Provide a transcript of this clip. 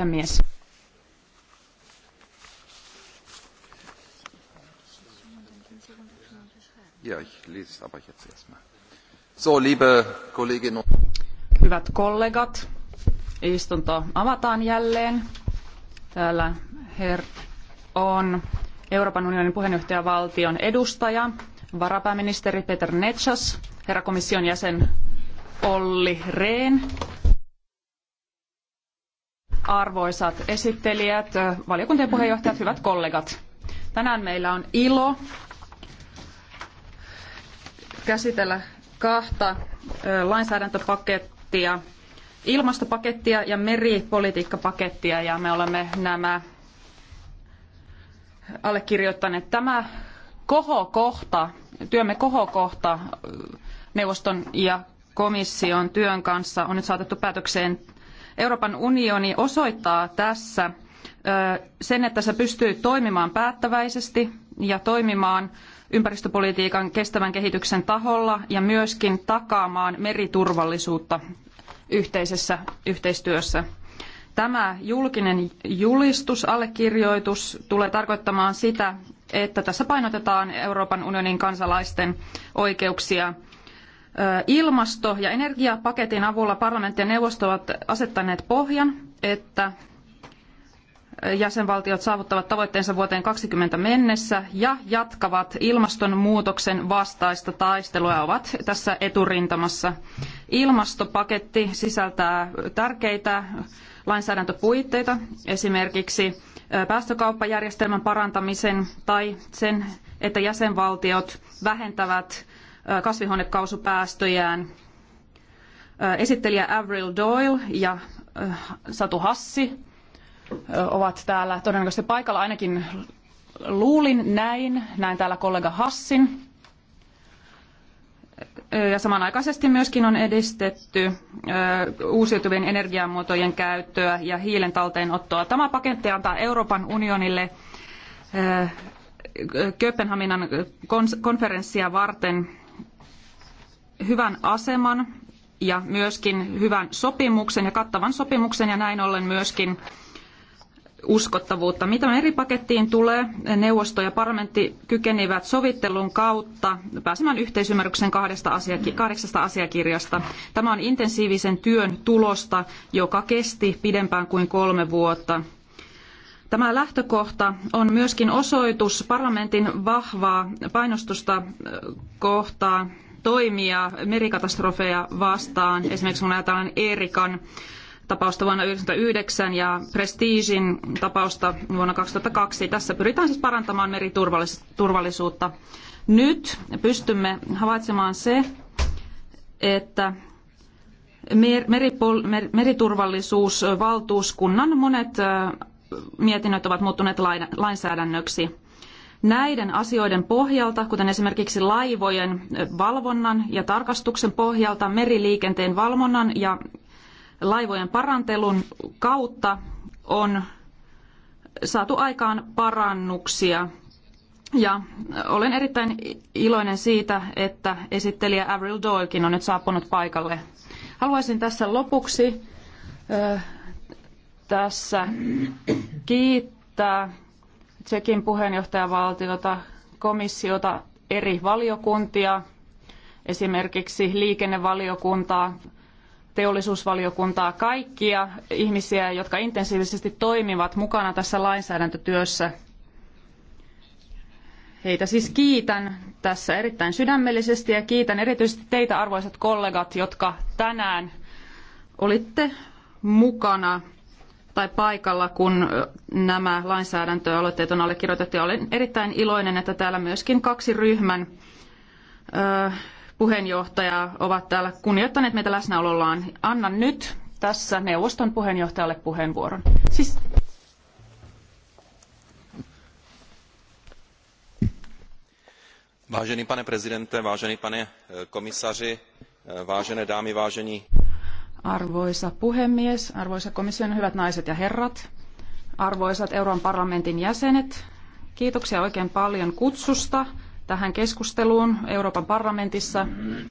puhemies. Hyvät kollegat, istunto avataan jälleen. Täällä her on Euroopan unionin puheenjohtajavaltion edustaja, varapääministeri Peter Netsas, herra komission jäsen Olli Rehn arvoisat esittelijät, valiokuntien puheenjohtajat, hyvät kollegat. Tänään meillä on ilo käsitellä kahta lainsäädäntöpakettia, ilmastopakettia ja meripolitiikkapakettia, ja me olemme nämä allekirjoittaneet. Tämä kohokohta, työmme kohokohta neuvoston ja komission työn kanssa on nyt saatettu päätökseen Euroopan unioni osoittaa tässä sen, että se pystyy toimimaan päättäväisesti ja toimimaan ympäristöpolitiikan kestävän kehityksen taholla ja myöskin takaamaan meriturvallisuutta yhteisessä yhteistyössä. Tämä julkinen julistus, allekirjoitus tulee tarkoittamaan sitä, että tässä painotetaan Euroopan unionin kansalaisten oikeuksia – ilmasto- ja energiapaketin avulla parlamentti ja neuvosto ovat asettaneet pohjan, että jäsenvaltiot saavuttavat tavoitteensa vuoteen 2020 mennessä ja jatkavat ilmastonmuutoksen vastaista taistelua ja ovat tässä eturintamassa. Ilmastopaketti sisältää tärkeitä lainsäädäntöpuitteita, esimerkiksi päästökauppajärjestelmän parantamisen tai sen, että jäsenvaltiot vähentävät kasvihuonekaasupäästöjään. Esittelijä Avril Doyle ja Satu Hassi ovat täällä todennäköisesti paikalla, ainakin luulin näin. Näin täällä kollega Hassin. Ja samanaikaisesti myöskin on edistetty uusiutuvien energiamuotojen käyttöä ja hiilen talteenottoa. Tämä paketti antaa Euroopan unionille Kööpenhaminan konferenssia varten hyvän aseman ja myöskin hyvän sopimuksen ja kattavan sopimuksen ja näin ollen myöskin uskottavuutta. Mitä eri pakettiin tulee, neuvosto ja parlamentti kykenivät sovittelun kautta pääsemään yhteisymmärryksen kahdesta asiaki- kahdeksasta asiakirjasta. Tämä on intensiivisen työn tulosta, joka kesti pidempään kuin kolme vuotta. Tämä lähtökohta on myöskin osoitus parlamentin vahvaa painostusta kohtaan toimia merikatastrofeja vastaan. Esimerkiksi kun ajatellaan Erikan tapausta vuonna 1999 ja Prestigein tapausta vuonna 2002. Tässä pyritään siis parantamaan meriturvallisuutta. Nyt pystymme havaitsemaan se, että meripol, mer, meriturvallisuusvaltuuskunnan monet mietinnöt ovat muuttuneet lainsäädännöksi. Näiden asioiden pohjalta, kuten esimerkiksi laivojen valvonnan ja tarkastuksen pohjalta, meriliikenteen valvonnan ja laivojen parantelun kautta on saatu aikaan parannuksia. Ja olen erittäin iloinen siitä, että esittelijä Avril Doylekin on nyt saapunut paikalle. Haluaisin tässä lopuksi tässä kiittää Tsekin puheenjohtajavaltiota, komissiota, eri valiokuntia, esimerkiksi liikennevaliokuntaa, teollisuusvaliokuntaa, kaikkia ihmisiä, jotka intensiivisesti toimivat mukana tässä lainsäädäntötyössä. Heitä siis kiitän tässä erittäin sydämellisesti ja kiitän erityisesti teitä arvoisat kollegat, jotka tänään olitte mukana tai paikalla, kun nämä lainsäädäntöaloitteet on allekirjoitettu. Ja olen erittäin iloinen, että täällä myöskin kaksi ryhmän puheenjohtajaa ovat täällä kunnioittaneet meitä läsnäolollaan. Annan nyt tässä neuvoston puheenjohtajalle puheenvuoron. Siis... Vážený pane prezidente, vážený pane e, komisaři, e, vážené dámy, vážení Arvoisa puhemies, arvoisa komission hyvät naiset ja herrat, arvoisat Euroopan parlamentin jäsenet, kiitoksia oikein paljon kutsusta tähän keskusteluun Euroopan parlamentissa.